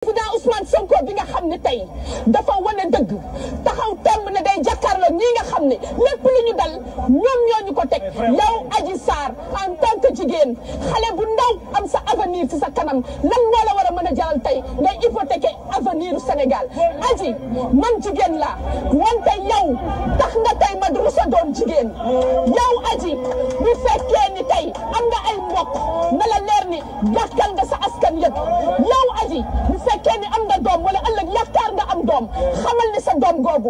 président Ousmane Sonko bi nga xam ne tey dafa wane dëgg taxaw temb ne day la ñii nga xam ne lépp lu ñu dal ñoom ñoo ko teg yow Adji Sarr en tant que jigéen xale bu ndaw am sa avenir ci sa kanam lan moo la war a mën a jaral tey ngay hypothéquer avenir u Sénégal Adji man jigéen laa wante yow tax nga tey ma du sa doon jigéen yow Adji bu fekkee ni tey am nga ay mbokk na la leer ni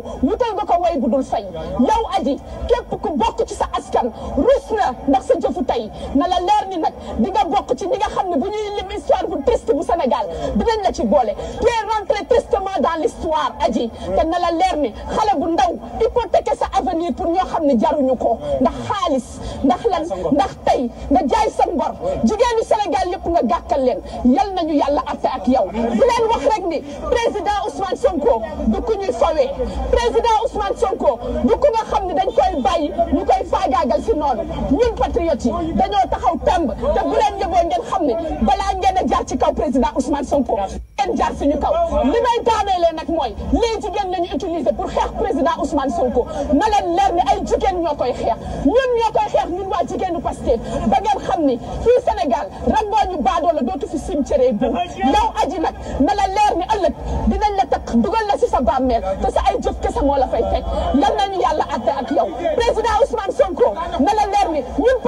boobu wutal nga ko way bu dul fay yow aji képp ku bokk ci sa askan rus na ndax sa jëfu tey na la leer ni nag di nga bokk ci ñi nga xam ne bu ñuy lim histoire bu triste bu Sénégal dinañ la ci boole tu es rentré tristement dans l'histoire aji te na la leer bu ndaw hypothéqué sa revenir pour ñoo xam ne ñu ko ndax xaalis ndax lan ndax tey nga jaay sa ngor jigéenu Sénégal yëpp nga gàkkal leen yal nañu yàlla atte ak yow di leen wax rek ni président Ousmane Sonko du ku ñuy fawee président Ousmane Sonko du ku nga xam ne dañ koy bàyyi ñu koy faagaagal si noonu ñun patriotes yi dañoo taxaw temb te bu leen yëgoo ngeen xam ne balaa ngeen a jaar ci kaw président Ousmane Sonko ngeen jaar suñu kaw li may mooy lii jigéen lañu utiliser pour xeex président Ousmane Sonko na leen ay jigéen ñoo koy xeex ñun ñoo koy xeex ñun waa jigéenu Pastef ba ngeen xam ni fii Sénégal rangoo ñu baadoo la dootu fi cimetière bu yow aji nag na la leer ni ëllëg dinañ la takk dugal la si sa bàmmeel te sa ay jëf kese moo la fay fekk yal nañu yàlla àtte ak yow président Ousmane Sonko na la leer ni ñun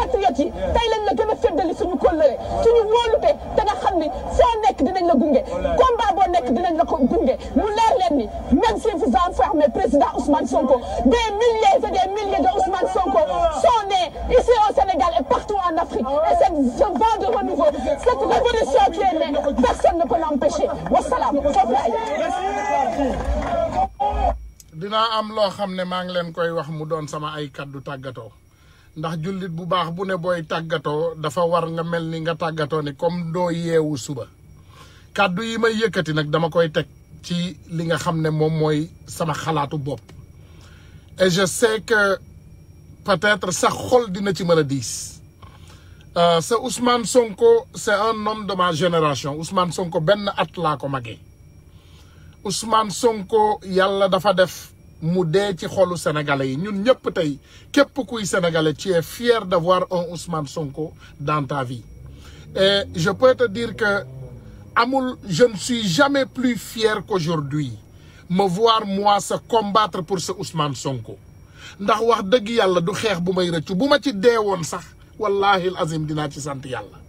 la gën a feddali suñu kóllëre suñu wóolute te nga xam ni foo nekk dinañ la gunge combat boo nekk dinañ la ko gunge même si vous enfermez président Ousmane Sonko, des milliers et des milliers de Ousmane Sonko sont nés ici au Sénégal et partout en Afrique. Et cette, ce de renouveau, cette révolution qui est née, personne ne peut l'empêcher. Wassalam, dina am lo xam ne maa ngi leen koy wax mu doon sama ay kaddu tagato ndax julit bu baax bu ne boy tagato dafa war nga melni nga tagato ni comme do yeewu suba kaddu yi may yëkkati nag dama koy tek ci li nga xamné mom moy sama xalaatu et je sais que peut-être ça xol dina ci mën a euh, Ce Ousmane Sonko c'est un homme de ma génération Ousmane Sonko ben atla comme ko magee Ousmane Sonko yalla dafa def mu dee ci xolu sénégalais au ñun ñëpp tay képp kuy sénégalais tu es fier d'avoir un Ousmane Sonko dans ta vie et je peux te dire que amul je ne suis jamais plus fier qu'aujourd'hui me voir moi se combattre pour ce Ousmane Sonko ndax wax deug Yalla du xex bu may reccu bu ma ci deewoon sax wallahi azim dina ci sante Yalla.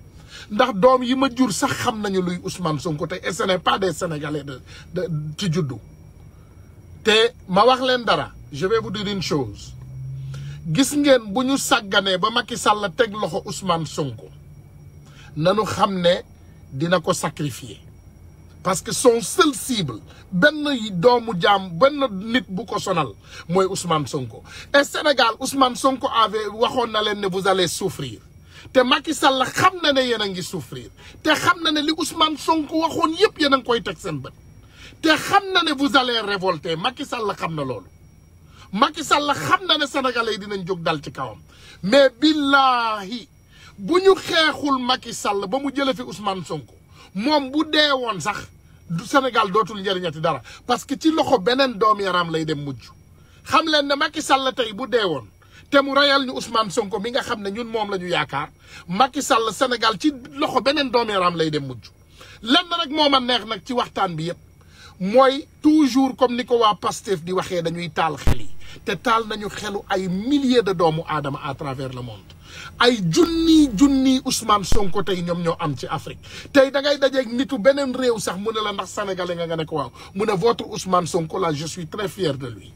ndax dom yi ma jur sax xam luy Ousmane Sonko te ce n'est pas des Sénégalais de de ci juddu te ma wax len dara je vais vous dire une chose gis ngeen buñu sagané ba Macky Sall loxo Ousmane Sonko nanu xamné dina ko sacrifier parce que son seul cible benn doomu jaam ben nit bu ko sonal moy Ousmane Sonko et Sénégal Ousmane Sonko avait waxoon na ne vous allez souffrir te Macky Sall la xam ne ngi souffrir te xamna ne li Ousmane Sonko waxoon yëpp yéen a ngi koy teg sen bët te xamna ne vous allez révolter Macky Sall la xam lolu. Macky Sall la xam ne sénégalais dinañ ci kawam mais billahi bu ñu xeexul Macky Sall ba mu jëlee fi Ousmane Sonko moom bu dee woon sax du Sénégal dootul njëriñati dara parce que ci loxo beneen doom yaram lay dem mujj xam leen ne Macky Sall tey bu dee woon te mu reyal ñu Ousmane Sonko mi nga xam ne ñun moom la ñu yaakaar Macky Sall Sénégal ci loxo beneen doom yaram lay dem mujj lenn nag moom ma neex nag ci waxtaan bi yëpp Moi, toujours comme Niko wa Pastef di waxe dañuy taal xel yi te taal nañu xelu ay milliers de doomu Adam à travers le monde ay junni junni Ousmane Sonko tay ñom ñoo am ci Afrique tay da ngay dajé nitu benen réew sax mu ne la ndax sénégalais nga nga mu ne votre Ousmane Sonko là je suis très fier de lui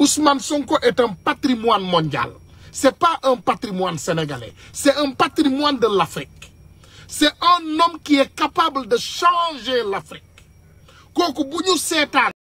Ousmane Sonko est un patrimoine mondial c'est pas un patrimoine sénégalais c'est un patrimoine de l'Afrique c'est un homme qui est capable de changer l'Afrique kooku bu ñu seetaan